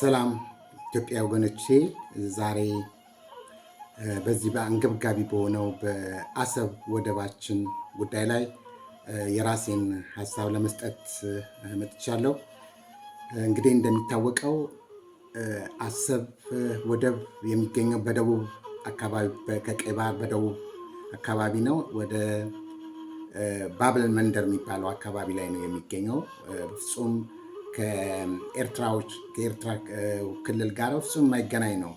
ሰላም ኢትዮጵያ ወገኖቼ፣ ዛሬ በዚህ በአንገብጋቢ በሆነው በአሰብ ወደባችን ጉዳይ ላይ የራሴን ሀሳብ ለመስጠት መጥቻለሁ። እንግዲህ እንደሚታወቀው አሰብ ወደብ የሚገኘው በደቡብ አካባቢ ከቀይ ባህር በደቡብ አካባቢ ነው። ወደ ባብል መንደር የሚባለው አካባቢ ላይ ነው የሚገኘው ፍጹም ከኤርትራዎች ከኤርትራ ክልል ጋር ፍጹም የማይገናኝ ነው።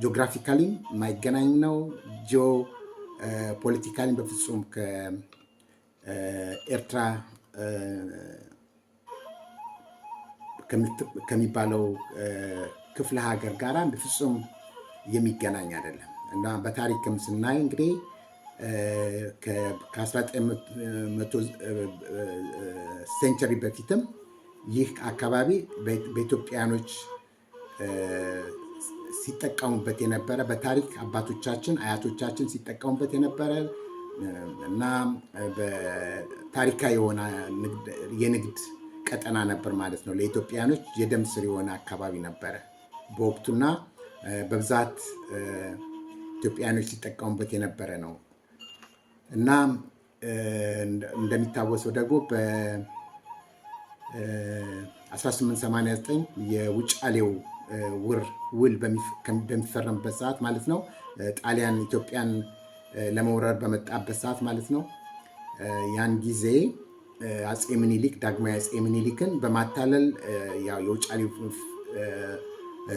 ጂኦግራፊካሊ የማይገናኝ ነው። ጂኦ ፖለቲካሊም በፍጹም ከኤርትራ ከሚባለው ክፍለ ሀገር ጋር በፍጹም የሚገናኝ አይደለም እና በታሪክም ስናይ እንግዲህ ከ19 ሴንቸሪ በፊትም ይህ አካባቢ በኢትዮጵያኖች ሲጠቀሙበት የነበረ በታሪክ አባቶቻችን አያቶቻችን ሲጠቀሙበት የነበረ እና በታሪካ የሆነ የንግድ ቀጠና ነበር ማለት ነው። ለኢትዮጵያኖች የደም ስር የሆነ አካባቢ ነበረ በወቅቱና በብዛት ኢትዮጵያኖች ሲጠቀሙበት የነበረ ነው እና እንደሚታወሰው ደግሞ 1889 የውጫሌው ውር ውል በሚፈረምበት ሰዓት ማለት ነው። ጣሊያን ኢትዮጵያን ለመውረር በመጣበት ሰዓት ማለት ነው። ያን ጊዜ አጼ ምኒሊክ ዳግማዊ አጼ ምኒሊክን በማታለል የውጫሌው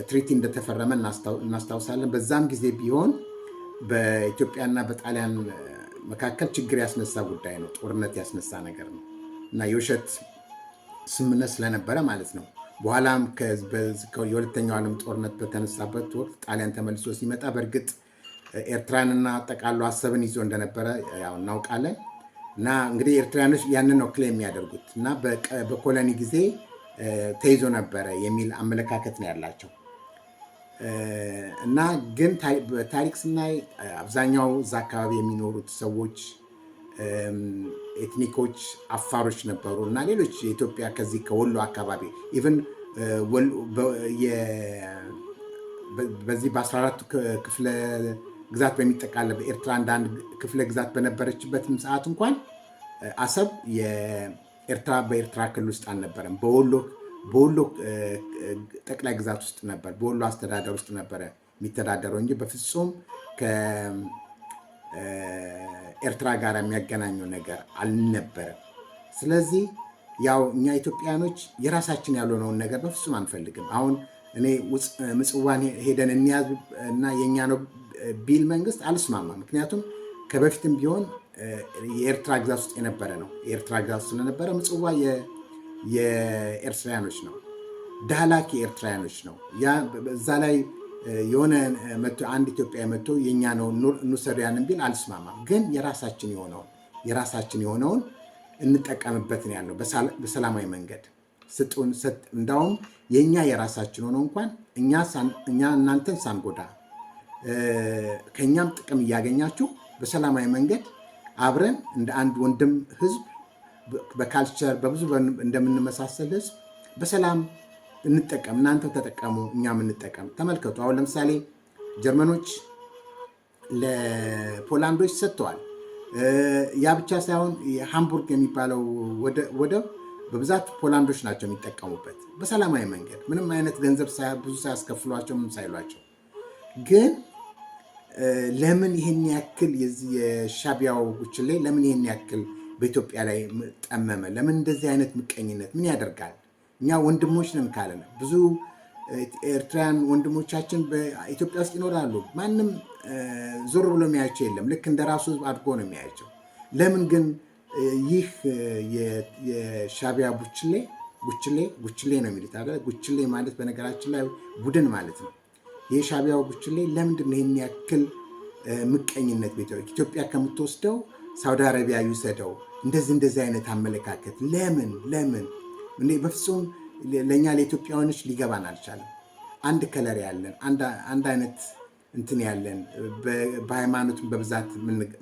ትሪቲ እንደተፈረመ እናስታውሳለን። በዛም ጊዜ ቢሆን በኢትዮጵያና በጣሊያን መካከል ችግር ያስነሳ ጉዳይ ነው። ጦርነት ያስነሳ ነገር ነው እና የውሸት ስምምነት ስለነበረ ማለት ነው። በኋላም የሁለተኛው ዓለም ጦርነት በተነሳበት ወቅት ጣሊያን ተመልሶ ሲመጣ በእርግጥ ኤርትራንና ጠቃሎ አሰብን ይዞ እንደነበረ ያው እናውቃለን። እና እንግዲህ ኤርትራያኖች ያንን ነው ክሌም የሚያደርጉት እና በኮሎኒ ጊዜ ተይዞ ነበረ የሚል አመለካከት ነው ያላቸው። እና ግን በታሪክ ስናይ አብዛኛው እዛ አካባቢ የሚኖሩት ሰዎች ኤትኒኮች አፋሮች ነበሩ እና ሌሎች የኢትዮጵያ ከዚህ ከወሎ አካባቢ ኢቨን በዚህ በአስራ አራቱ ክፍለ ግዛት በሚጠቃለ በኤርትራ እንደ አንድ ክፍለ ግዛት በነበረችበትም ሰዓት እንኳን አሰብ የኤርትራ በኤርትራ ክልል ውስጥ አልነበረም። በወሎ ጠቅላይ ግዛት ውስጥ ነበር፣ በወሎ አስተዳደር ውስጥ ነበረ የሚተዳደረው እንጂ በፍጹም ኤርትራ ጋር የሚያገናኘው ነገር አልነበረም። ስለዚህ ያው እኛ ኢትዮጵያኖች የራሳችን ያልሆነውን ነገር በፍጹም አንፈልግም። አሁን እኔ ምጽዋን ሄደን እንያዝ እና የእኛ ነው ቢል መንግስት አልስማማ። ምክንያቱም ከበፊትም ቢሆን የኤርትራ ግዛት ውስጥ የነበረ ነው። የኤርትራ ግዛት ውስጥ ስለነበረ ምጽዋ የኤርትራያኖች ነው፣ ዳህላክ የኤርትራያኖች ነው። እዛ ላይ የሆነ አንድ ኢትዮጵያ መጥቶ የእኛ ነው እንውሰዳያንን ቢል አልስማማም። ግን የራሳችን የሆነውን የራሳችን የሆነውን እንጠቀምበት ነው ያለው በሰላማዊ መንገድ ስጡን። እንዳውም የእኛ የራሳችን ሆነው እንኳን እኛ እናንተን ሳንጎዳ ከእኛም ጥቅም እያገኛችሁ በሰላማዊ መንገድ አብረን እንደ አንድ ወንድም ህዝብ በካልቸር በብዙ እንደምንመሳሰል ህዝብ በሰላም እንጠቀም፣ እናንተ ተጠቀሙ፣ እኛም እንጠቀም። ተመልከቱ። አሁን ለምሳሌ ጀርመኖች ለፖላንዶች ሰጥተዋል። ያ ብቻ ሳይሆን የሃምቡርግ የሚባለው ወደብ በብዛት ፖላንዶች ናቸው የሚጠቀሙበት በሰላማዊ መንገድ ምንም አይነት ገንዘብ ብዙ ሳያስከፍሏቸው ምንም ሳይሏቸው። ግን ለምን ይህን ያክል የዚህ የሻቢያው ጉችን ላይ ለምን ይህን ያክል በኢትዮጵያ ላይ ጠመመ? ለምን እንደዚህ አይነት ምቀኝነት ምን ያደርጋል? እኛ ወንድሞች ነን ካለን ብዙ ኤርትራውያን ወንድሞቻችን በኢትዮጵያ ውስጥ ይኖራሉ። ማንም ዞር ብሎ የሚያቸው የለም። ልክ እንደ ራሱ ህዝብ አድጎ ነው የሚያቸው ለምን ግን ይህ የሻቢያ ቡችሌ ቡችሌ ቡችሌ ነው የሚሉት አለ። ጉችሌ ማለት በነገራችን ላይ ቡድን ማለት ነው። የሻቢያው ቡችሌ ለምንድን ነው ይህን ያክል ምቀኝነት? ኢትዮጵያ ከምትወስደው ሳውዲ አረቢያ ይውሰደው፣ እንደዚህ እንደዚህ አይነት አመለካከት ለምን ለምን እኔ በፍጹም ለእኛ ለኢትዮጵያውያኖች ሊገባን አልቻለም። አንድ ከለር ያለን አንድ አይነት እንትን ያለን በሃይማኖትም በብዛት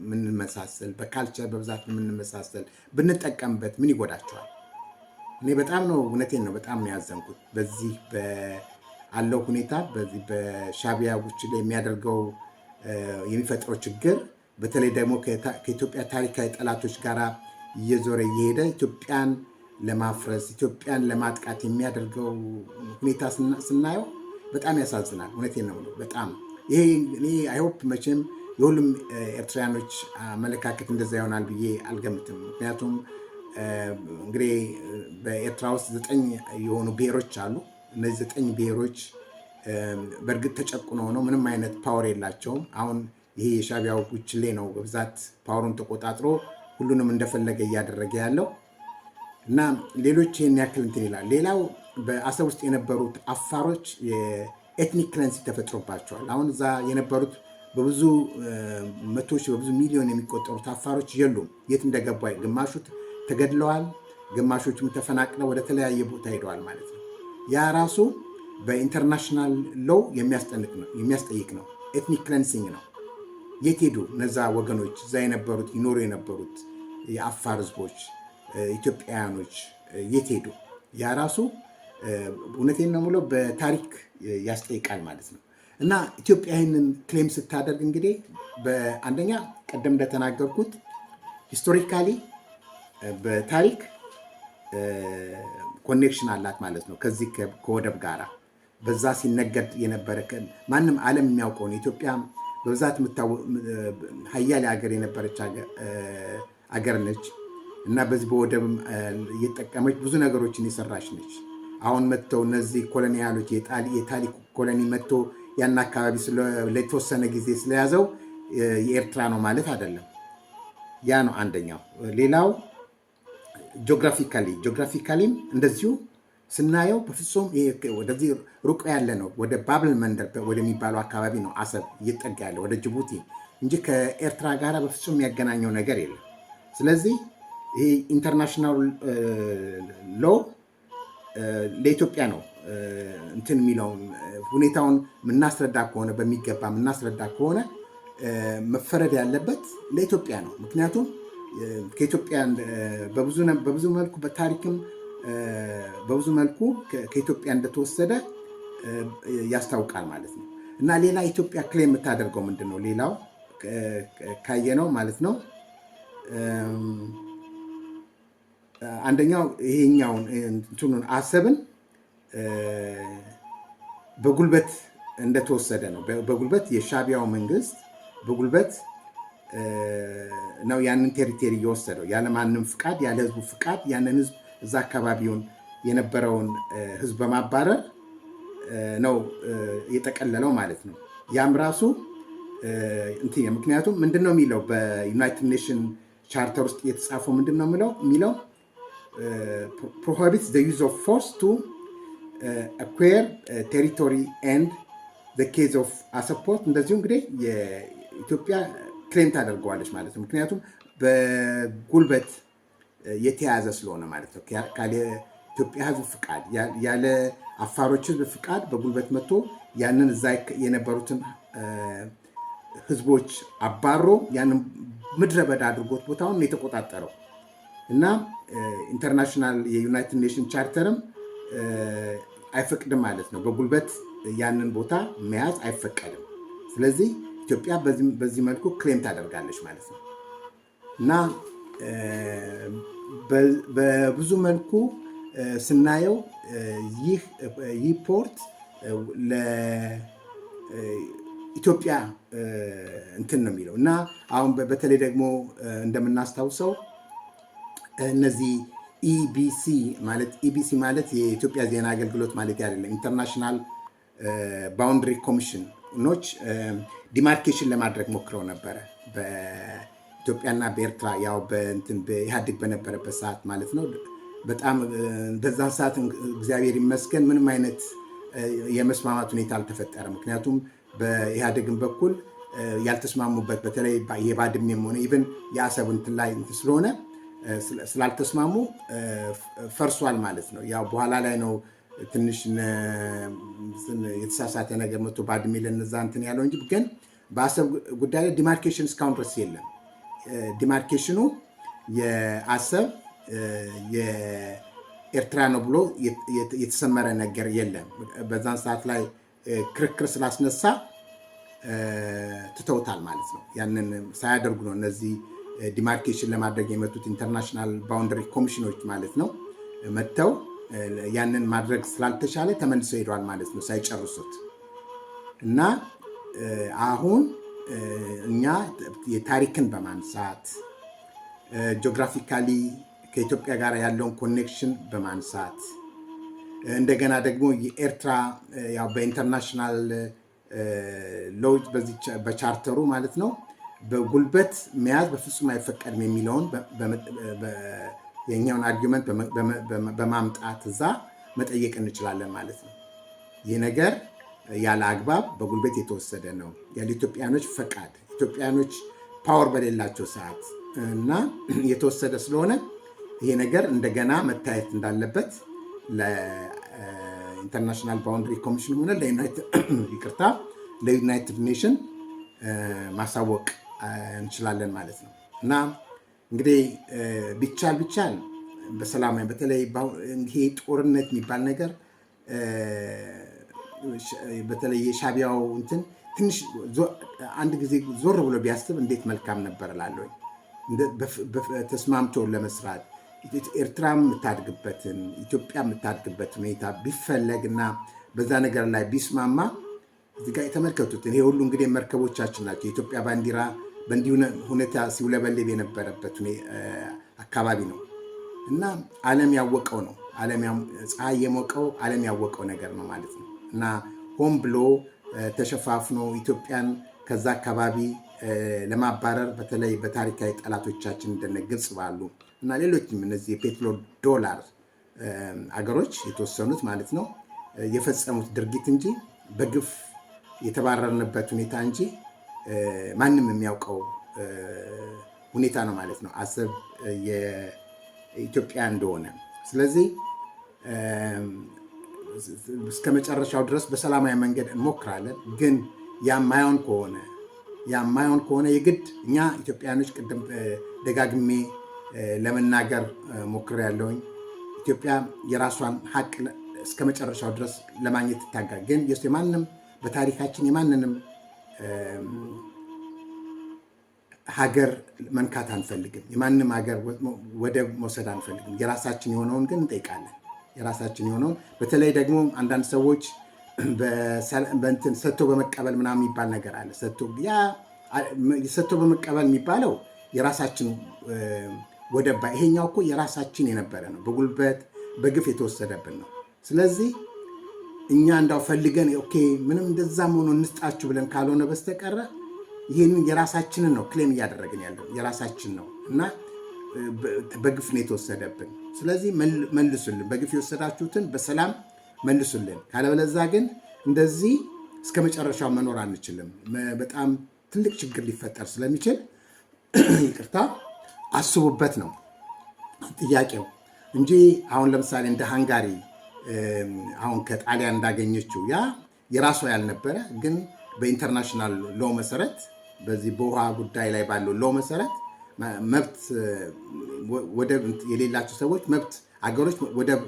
የምንመሳሰል በካልቸር በብዛት የምንመሳሰል ብንጠቀምበት ምን ይጎዳቸዋል? እኔ በጣም ነው እውነቴን ነው በጣም ነው ያዘንኩት በዚህ አለው ሁኔታ በዚህ በሻቢያ ውጭ ላይ የሚያደርገው የሚፈጥረው ችግር በተለይ ደግሞ ከኢትዮጵያ ታሪካዊ ጠላቶች ጋር እየዞረ እየሄደ ኢትዮጵያን ለማፍረስ ኢትዮጵያን ለማጥቃት የሚያደርገው ሁኔታ ስናየው በጣም ያሳዝናል። እውነቴን ነው። በጣም ይሄ እኔ አይሆፕ መቼም የሁሉም ኤርትራያኖች አመለካከት እንደዛ ይሆናል ብዬ አልገምትም። ምክንያቱም እንግዲህ በኤርትራ ውስጥ ዘጠኝ የሆኑ ብሔሮች አሉ። እነዚህ ዘጠኝ ብሔሮች በእርግጥ ተጨቁነው ነው፣ ምንም አይነት ፓወር የላቸውም። አሁን ይሄ የሻቢያው ጉችሌ ነው በብዛት ፓወሩን ተቆጣጥሮ ሁሉንም እንደፈለገ እያደረገ ያለው እና ሌሎች ይህን ያክል እንትን ይላል። ሌላው በአሰብ ውስጥ የነበሩት አፋሮች የኤትኒክ ክለንስ ተፈጥሮባቸዋል። አሁን እዛ የነበሩት በብዙ መቶ በብዙ ሚሊዮን የሚቆጠሩት አፋሮች የሉም። የት እንደገቡ ግማሹ ተገድለዋል፣ ግማሾቹም ተፈናቅለው ወደ ተለያየ ቦታ ሄደዋል ማለት ነው። ያ ራሱ በኢንተርናሽናል ሎው የሚያስጠይቅ ነው። ኤትኒክ ክለንሲንግ ነው። የት ሄዱ እነዛ ወገኖች? እዛ የነበሩት ይኖሩ የነበሩት የአፋር ህዝቦች ኢትዮጵያውያኖች የት ሄዱ? ያ ራሱ እውነቴን ነው የምለው በታሪክ ያስጠይቃል ማለት ነው። እና ኢትዮጵያ ይህንን ክሌም ስታደርግ እንግዲህ በአንደኛ ቀደም እንደተናገርኩት ሂስቶሪካሊ በታሪክ ኮኔክሽን አላት ማለት ነው ከዚህ ከወደብ ጋራ በዛ ሲነገድ የነበረ ማንም ዓለም የሚያውቀው ኢትዮጵያ በብዛት ሀያሌ ሀገር የነበረች አገር ነች። እና በዚህ በወደብ እየጠቀመች ብዙ ነገሮችን የሰራች ነች። አሁን መጥተው እነዚህ ኮሎኒያሎች የታሊ ኮሎኒ መጥቶ ያን አካባቢ ለተወሰነ ጊዜ ስለያዘው የኤርትራ ነው ማለት አይደለም። ያ ነው አንደኛው። ሌላው ጂኦግራፊካሊ ጂኦግራፊካሊም እንደዚሁ ስናየው በፍጹም ወደዚህ ሩቅ ያለ ነው። ወደ ባብል መንደር ወደሚባለው አካባቢ ነው አሰብ እየጠጋ ያለ ወደ ጅቡቲ እንጂ ከኤርትራ ጋር በፍጹም የሚያገናኘው ነገር የለም። ስለዚህ ይሄ ኢንተርናሽናል ሎው uh, uh, ለኢትዮጵያ ነው uh, እንትን የሚለውን ሁኔታውን የምናስረዳ ከሆነ በሚገባ የምናስረዳ ከሆነ መፈረድ ያለበት ለኢትዮጵያ ነው። ምክንያቱም ከኢትዮጵያ በብዙ መልኩ በታሪክም በብዙ መልኩ ከኢትዮጵያ እንደተወሰደ ያስታውቃል ማለት ነው። እና ሌላ ኢትዮጵያ ክሌም የምታደርገው ምንድን ነው? ሌላው ካየነው ማለት ነው um, አንደኛው ይሄኛውን እንትኑን አሰብን በጉልበት እንደተወሰደ ነው። በጉልበት የሻቢያው መንግስት በጉልበት ነው ያንን ቴሪቴሪ እየወሰደው ማንም ፍቃድ፣ ያለ ህዝቡ ፍቃድ ያንን ህዝብ እዛ አካባቢውን የነበረውን ህዝብ በማባረር ነው የጠቀለለው ማለት ነው። ያም ራሱ ምክንያቱም ምንድን ነው የሚለው በዩናይትድ ኔሽን ቻርተር ውስጥ የተጻፈው ምንድን ነው የሚለው Eh, prohibits the use of force to eh, acquire eh, territory and the case of support እንደዚሁ እንግዲህ የኢትዮጵያ ክሌም ታደርገዋለች ማለት ነው። ምክንያቱም በጉልበት የተያዘ ስለሆነ ማለት ነው። ኢትዮጵያ ሕዝብ ፍቃድ ያለ አፋሮች ሕዝብ ፍቃድ በጉልበት መጥቶ ያንን እዛ የነበሩትን ሕዝቦች አባሮ ያንን ምድረ በዳ አድርጎት ቦታውን የተቆጣጠረው እና ኢንተርናሽናል የዩናይትድ ኔሽን ቻርተርም አይፈቅድም ማለት ነው። በጉልበት ያንን ቦታ መያዝ አይፈቀድም። ስለዚህ ኢትዮጵያ በዚህ መልኩ ክሌም ታደርጋለች ማለት ነው እና በብዙ መልኩ ስናየው ይህ ፖርት ለኢትዮጵያ እንትን ነው የሚለው እና አሁን በተለይ ደግሞ እንደምናስታውሰው እነዚህ ኢቢሲ e ማለት ኢቢሲ e ማለት የኢትዮጵያ ዜና አገልግሎት ማለት አይደለም። ኢንተርናሽናል ባውንድሪ ኮሚሽኖች ዲማርኬሽን ለማድረግ ሞክረው ነበረ በኢትዮጵያና በኤርትራ ያው በእንትን በኢህአዴግ በነበረበት ሰዓት ማለት ነው። በጣም uh, በዛ ሰዓት እግዚአብሔር ይመስገን ምንም አይነት uh, የመስማማት ሁኔታ አልተፈጠረም። ምክንያቱም በኢህአዴግን በኩል uh, ያልተስማሙበት በተለይ የባድሜም ሆነ ኢቨን የአሰብ እንትን ላይ ስለሆነ ስላልተስማሙ ፈርሷል ማለት ነው። ያው በኋላ ላይ ነው ትንሽ የተሳሳተ ነገር መቶ ባድሜ ለነዛ እንትን ያለው እንጂ ግን በአሰብ ጉዳይ ላይ ዲማርኬሽን እስካሁን ድረስ የለም። ዲማርኬሽኑ የአሰብ የኤርትራ ነው ብሎ የተሰመረ ነገር የለም። በዛን ሰዓት ላይ ክርክር ስላስነሳ ትተውታል ማለት ነው። ያንን ሳያደርጉ ነው እነዚህ ዲማርኬሽን ለማድረግ የመጡት ኢንተርናሽናል ባውንደሪ ኮሚሽኖች ማለት ነው መጥተው ያንን ማድረግ ስላልተቻለ ተመልሰው ሄደዋል ማለት ነው ሳይጨርሱት እና አሁን እኛ የታሪክን በማንሳት ጂኦግራፊካሊ ከኢትዮጵያ ጋር ያለውን ኮኔክሽን በማንሳት እንደገና ደግሞ የኤርትራ በኢንተርናሽናል ሎጅ በቻርተሩ ማለት ነው በጉልበት መያዝ በፍጹም አይፈቀድም የሚለውን የኛውን አርጊመንት በማምጣት እዛ መጠየቅ እንችላለን ማለት ነው። ይህ ነገር ያለ አግባብ በጉልበት የተወሰደ ነው ያለ ኢትዮጵያኖች ፈቃድ ኢትዮጵያኖች ፓወር በሌላቸው ሰዓት እና የተወሰደ ስለሆነ ይሄ ነገር እንደገና መታየት እንዳለበት ለኢንተርናሽናል ባውንድሪ ኮሚሽን ሆነ ይቅርታ ለዩናይትድ ኔሽን ማሳወቅ እንችላለን ማለት ነው እና እንግዲህ ቢቻል ቢቻል በሰላማዊ በተለይ ይሄ ጦርነት የሚባል ነገር በተለይ የሻቢያው እንትን ትንሽ አንድ ጊዜ ዞር ብሎ ቢያስብ እንዴት መልካም ነበር እላለሁ። ተስማምቶ ለመስራት ኤርትራ የምታድግበትን ኢትዮጵያ የምታድግበት ሁኔታ እና በዛ ነገር ላይ ቢስማማ እዚህ የተመልከቱት ይሄ ሁሉ እንግዲህ መርከቦቻችን ናቸው የኢትዮጵያ ባንዲራ በእንዲሁ ሁኔታ ሲውለበለብ የነበረበት አካባቢ ነው እና ዓለም ያወቀው ነው። ፀሐይ የሞቀው ዓለም ያወቀው ነገር ነው ማለት ነው እና ሆን ብሎ ተሸፋፍኖ ኢትዮጵያን ከዛ አካባቢ ለማባረር በተለይ በታሪካዊ ጠላቶቻችን እንደነ ግብፅ ባሉ እና ሌሎችም እነዚህ የፔትሮ ዶላር አገሮች የተወሰኑት ማለት ነው የፈጸሙት ድርጊት እንጂ በግፍ የተባረርንበት ሁኔታ እንጂ ማንም የሚያውቀው ሁኔታ ነው ማለት ነው አሰብ የኢትዮጵያ እንደሆነ። ስለዚህ እስከ መጨረሻው ድረስ በሰላማዊ መንገድ እንሞክራለን። ግን ያማየውን ከሆነ ያማየውን ከሆነ የግድ እኛ ኢትዮጵያኖች ቅድም ደጋግሜ ለመናገር ሞክር ያለውኝ ኢትዮጵያ የራሷን ሀቅ እስከ መጨረሻው ድረስ ለማግኘት ይታጋል። ግን የማንም በታሪካችን የማንንም ሀገር መንካት አንፈልግም። የማንም ሀገር ወደብ መውሰድ አንፈልግም። የራሳችን የሆነውን ግን እንጠይቃለን። የራሳችን የሆነውን በተለይ ደግሞ አንዳንድ ሰዎች በእንትን ሰጥቶ በመቀበል ምናምን የሚባል ነገር አለ። ሰጥቶ በመቀበል የሚባለው የራሳችን ወደባ፣ ይሄኛው እኮ የራሳችን የነበረ ነው። በጉልበት በግፍ የተወሰደብን ነው። ስለዚህ እኛ እንዳው ፈልገን ኦኬ ምንም እንደዛ መሆኑ እንስጣችሁ ብለን ካልሆነ በስተቀረ ይህንን የራሳችንን ነው ክሌም እያደረግን ያለው የራሳችን ነው እና በግፍ ነው የተወሰደብን። ስለዚህ መልሱልን፣ በግፍ የወሰዳችሁትን በሰላም መልሱልን። ካለበለዛ ግን እንደዚህ እስከ መጨረሻው መኖር አንችልም። በጣም ትልቅ ችግር ሊፈጠር ስለሚችል ይቅርታ አስቡበት ነው ጥያቄው እንጂ አሁን ለምሳሌ እንደ ሃንጋሪ አሁን ከጣሊያን እንዳገኘችው ያ የራሷ ያልነበረ ግን በኢንተርናሽናል ሎ መሰረት በዚህ በውሃ ጉዳይ ላይ ባለው ሎ መሰረት መብት ወደብ የሌላቸው ሰዎች መብት አገሮች ወደብ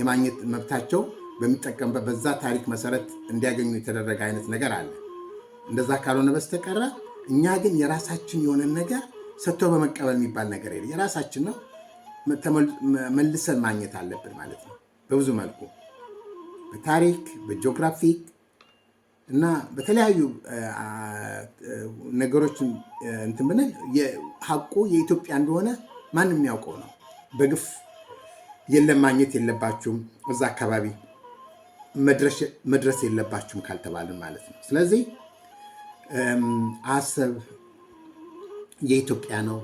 የማግኘት መብታቸው በሚጠቀምበት በዛ ታሪክ መሰረት እንዲያገኙ የተደረገ አይነት ነገር አለ። እንደዛ ካልሆነ በስተቀረ እኛ ግን የራሳችን የሆነን ነገር ሰጥቶ በመቀበል የሚባል ነገር የራሳችን ነው፣ መልሰን ማግኘት አለብን ማለት ነው። በብዙ መልኩ በታሪክ በጂኦግራፊክ እና በተለያዩ ነገሮችን እንትን ብንል ሀቁ የኢትዮጵያ እንደሆነ ማንም የሚያውቀው ነው። በግፍ የለም ማግኘት የለባችሁም እዛ አካባቢ መድረስ የለባችሁም ካልተባልን ማለት ነው። ስለዚህ አሰብ የኢትዮጵያ ነው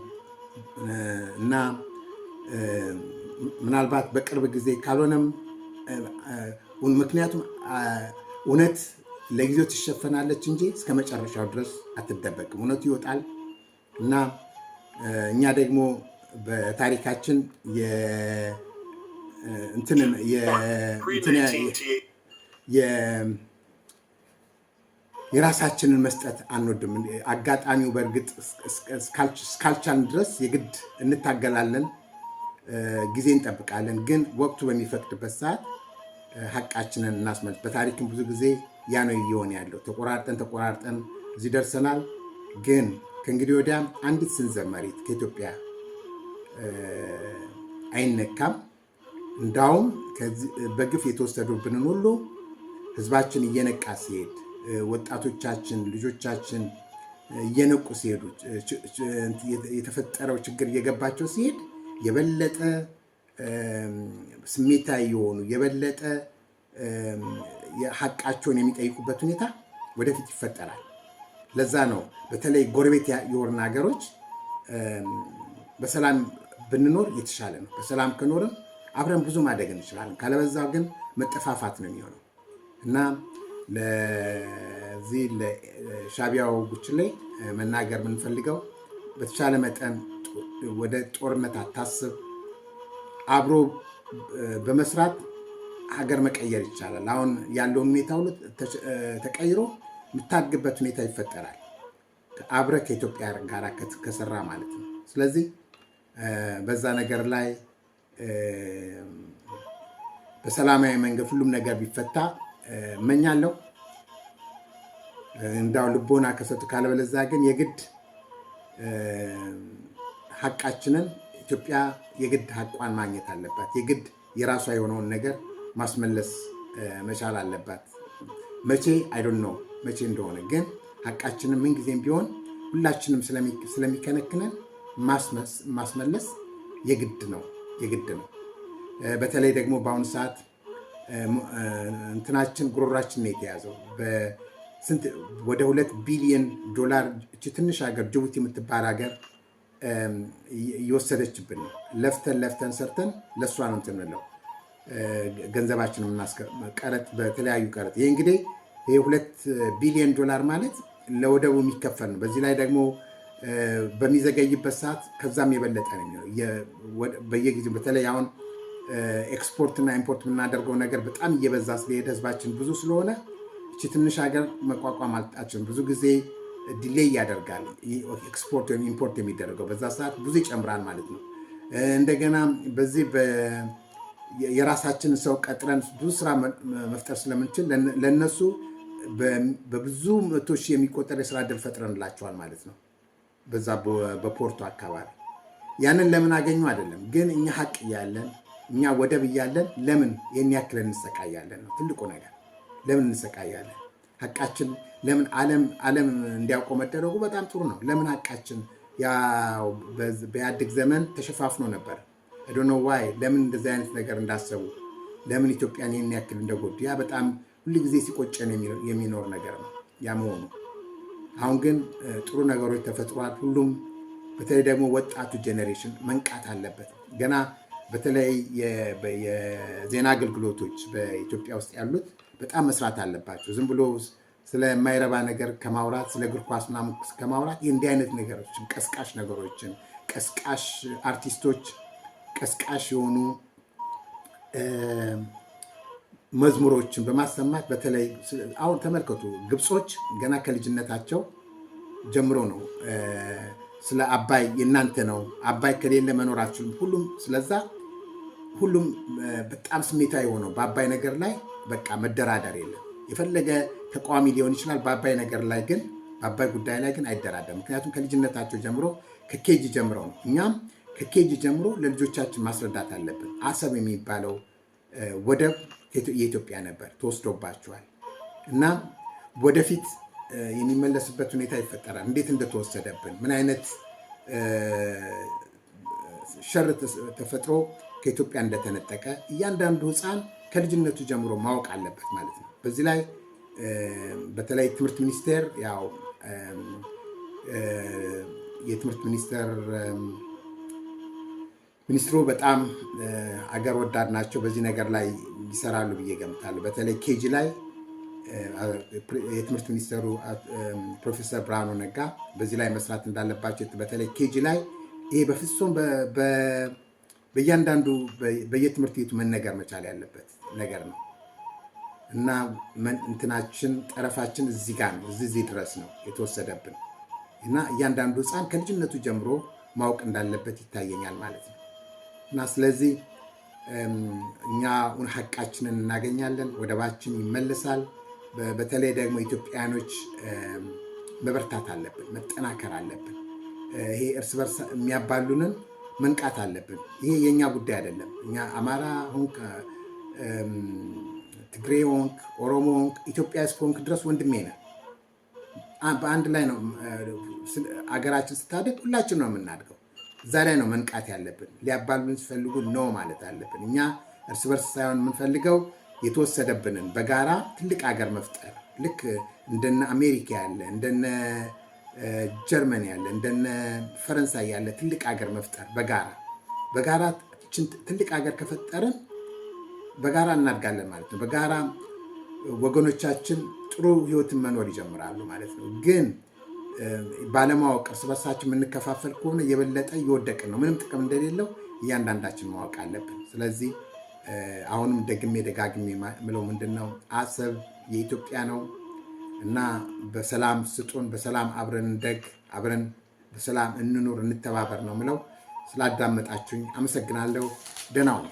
እና ምናልባት በቅርብ ጊዜ ካልሆነም ምክንያቱም እውነት ለጊዜው ትሸፈናለች እንጂ እስከ መጨረሻው ድረስ አትደበቅም። እውነቱ ይወጣል እና እኛ ደግሞ በታሪካችን የራሳችንን መስጠት አንወድም። አጋጣሚው በእርግጥ እስካልቻልን ድረስ የግድ እንታገላለን። ጊዜ እንጠብቃለን። ግን ወቅቱ በሚፈቅድበት ሰዓት ሀቃችንን እናስመልስ። በታሪክም ብዙ ጊዜ ያ ነው እየሆነ ያለው። ተቆራርጠን ተቆራርጠን እዚህ ደርሰናል። ግን ከእንግዲህ ወዲያም አንዲት ስንዝር መሬት ከኢትዮጵያ አይነካም። እንዳውም በግፍ የተወሰዱብንን ሁሉ ህዝባችን እየነቃ ሲሄድ፣ ወጣቶቻችን፣ ልጆቻችን እየነቁ ሲሄዱ፣ የተፈጠረው ችግር እየገባቸው ሲሄድ የበለጠ ስሜታዊ የሆኑ የበለጠ ሀቃቸውን የሚጠይቁበት ሁኔታ ወደፊት ይፈጠራል። ለዛ ነው በተለይ ጎረቤት የሆኑ ሀገሮች በሰላም ብንኖር የተሻለ ነው። በሰላም ከኖርም አብረን ብዙ ማደግ እንችላለን። ካለበዛ ግን መጠፋፋት ነው የሚሆነው እና ለዚህ ለሻቢያው ጉችላይ መናገር የምንፈልገው በተሻለ መጠን ወደ ጦርነት አታስብ። አብሮ በመስራት ሀገር መቀየር ይቻላል። አሁን ያለውን ሁኔታ ሁሉ ተቀይሮ የምታግበት ሁኔታ ይፈጠራል። አብረ ከኢትዮጵያ ጋር ከሰራ ማለት ነው። ስለዚህ በዛ ነገር ላይ በሰላማዊ መንገድ ሁሉም ነገር ቢፈታ እመኛለሁ። እንዳው ልቦና ከሰጡ፣ ካለበለዛ ግን የግድ ሀቃችንን ኢትዮጵያ የግድ ሀቋን ማግኘት አለባት። የግድ የራሷ የሆነውን ነገር ማስመለስ መቻል አለባት። መቼ አይዶን ነው መቼ እንደሆነ ግን ሀቃችንን ምንጊዜም ቢሆን ሁላችንም ስለሚከነክነን ማስመለስ የግድ ነው የግድ ነው። በተለይ ደግሞ በአሁኑ ሰዓት እንትናችን ጉሮራችን ነው የተያዘው። ወደ ሁለት ቢሊዮን ዶላር ትንሽ ሀገር ጅቡቲ የምትባል ሀገር የወሰደችብን ነው። ለፍተን ለፍተን ሰርተን ለእሷ ነው እንትን የምንለው ገንዘባችን ቀረጥ፣ በተለያዩ ቀረጥ። ይህ እንግዲህ ይህ ሁለት ቢሊዮን ዶላር ማለት ለወደቡ የሚከፈል ነው። በዚህ ላይ ደግሞ በሚዘገይበት ሰዓት ከዛም የበለጠ ነው። በየጊዜው በተለይ አሁን ኤክስፖርት እና ኢምፖርት የምናደርገው ነገር በጣም እየበዛ ስለሄደ ህዝባችን ብዙ ስለሆነ እቺ ትንሽ ሀገር መቋቋም አልጣችም ብዙ ጊዜ ዲሌይ ያደርጋል። ኤክስፖርት ወይም ኢምፖርት የሚደረገው በዛ ሰዓት ብዙ ይጨምራል ማለት ነው። እንደገና በዚህ የራሳችንን ሰው ቀጥረን ብዙ ስራ መፍጠር ስለምንችል ለነሱ በብዙ መቶ ሺህ የሚቆጠር የስራ ዕድል ፈጥረንላቸዋል ማለት ነው። በዛ በፖርቱ አካባቢ ያንን ለምን አገኙ አይደለም ግን እኛ ሀቅ እያለን እኛ ወደብ እያለን ለምን ይህን ያክል እንሰቃያለን ነው ትልቁ ነገር። ለምን እንሰቃያለን? ሀቃችን ለምን ዓለም ዓለም እንዲያውቀው መደረጉ በጣም ጥሩ ነው። ለምን ሀቃችን በኢህአዴግ ዘመን ተሸፋፍኖ ነበር። ዶኖ ዋይ ለምን እንደዚህ አይነት ነገር እንዳሰቡ ለምን ኢትዮጵያን ይህን ያክል እንደጎዱ ያ በጣም ሁሉ ጊዜ ሲቆጨን የሚኖር ነገር ነው። ያ መሆኑ አሁን ግን ጥሩ ነገሮች ተፈጥሯል። ሁሉም በተለይ ደግሞ ወጣቱ ጄኔሬሽን መንቃት አለበት። ገና በተለይ የዜና አገልግሎቶች በኢትዮጵያ ውስጥ ያሉት በጣም መስራት አለባቸው። ዝም ብሎ ስለማይረባ ነገር ከማውራት ስለ እግር ኳስ ምናምን ከማውራት እንዲህ አይነት ነገሮችን ቀስቃሽ ነገሮችን ቀስቃሽ አርቲስቶች ቀስቃሽ የሆኑ መዝሙሮችን በማሰማት በተለይ አሁን ተመልከቱ፣ ግብጾች ገና ከልጅነታቸው ጀምሮ ነው ስለ አባይ የእናንተ ነው፣ አባይ ከሌለ መኖር አችሉም ሁሉም ስለዛ ሁሉም በጣም ስሜታዊ የሆነው በአባይ ነገር ላይ በቃ መደራደር የለም። የፈለገ ተቃዋሚ ሊሆን ይችላል። በአባይ ነገር ላይ ግን በአባይ ጉዳይ ላይ ግን አይደራደርም። ምክንያቱም ከልጅነታቸው ጀምሮ ከኬጅ ጀምሮ ነው። እኛም ከኬጅ ጀምሮ ለልጆቻችን ማስረዳት አለብን። አሰብ የሚባለው ወደብ የኢትዮጵያ ነበር፣ ተወስዶባቸዋል እና ወደፊት የሚመለስበት ሁኔታ ይፈጠራል። እንዴት እንደተወሰደብን ምን አይነት ሸር ተፈጥሮ ከኢትዮጵያ እንደተነጠቀ እያንዳንዱ ህፃን ከልጅነቱ ጀምሮ ማወቅ አለበት ማለት ነው። በዚህ ላይ በተለይ ትምህርት ሚኒስቴር ያው የትምህርት ሚኒስቴር ሚኒስትሩ በጣም አገር ወዳድ ናቸው። በዚህ ነገር ላይ ይሰራሉ ብዬ ገምታለሁ። በተለይ ኬጂ ላይ የትምህርት ሚኒስትሩ ፕሮፌሰር ብርሃኑ ነጋ በዚህ ላይ መስራት እንዳለባቸው በተለይ ኬጂ ላይ ይሄ በፍጹም በእያንዳንዱ በየትምህርት ቤቱ መነገር መቻል ያለበት ነገር ነው እና እንትናችን ጠረፋችን እዚህ ጋር ነው፣ እዚህ ድረስ ነው የተወሰደብን እና እያንዳንዱ ህፃን ከልጅነቱ ጀምሮ ማወቅ እንዳለበት ይታየኛል ማለት ነው እና ስለዚህ እኛ ሀቃችንን እናገኛለን፣ ወደባችን ይመለሳል። በተለይ ደግሞ ኢትዮጵያኖች መበርታት አለብን፣ መጠናከር አለብን። ይሄ እርስ በርስ የሚያባሉንን መንቃት አለብን። ይሄ የእኛ ጉዳይ አይደለም። እኛ አማራ ሆንክ፣ ትግሬ ሆንክ፣ ኦሮሞ ሆንክ፣ ኢትዮጵያ እስከሆንክ ድረስ ወንድሜ ነ በአንድ ላይ ነው አገራችን ስታደግ ሁላችን ነው የምናድገው። እዛ ላይ ነው መንቃት ያለብን። ሊያባሉን ሲፈልጉ ኖ ማለት አለብን። እኛ እርስ በርስ ሳይሆን የምንፈልገው የተወሰደብንን በጋራ ትልቅ ሀገር መፍጠር ልክ እንደነ አሜሪካ ያለ እንደነ ጀርመን ያለ እንደነ ፈረንሳይ ያለ ትልቅ ሀገር መፍጠር በጋራ በጋራ ትልቅ ሀገር ከፈጠርን በጋራ እናድጋለን ማለት ነው። በጋራ ወገኖቻችን ጥሩ ህይወትን መኖር ይጀምራሉ ማለት ነው። ግን ባለማወቅ እርስ በርሳችን የምንከፋፈል ከሆነ የበለጠ እየወደቅን ነው። ምንም ጥቅም እንደሌለው እያንዳንዳችን ማወቅ አለብን። ስለዚህ አሁንም ደግሜ ደጋግሜ ምለው ምንድን ነው አሰብ የኢትዮጵያ ነው። እና በሰላም ስጡን፣ በሰላም አብረን እንደግ፣ አብረን በሰላም እንኑር፣ እንተባበር ነው ምለው። ስላዳመጣችሁኝ አመሰግናለሁ። ደህና ሁኑ።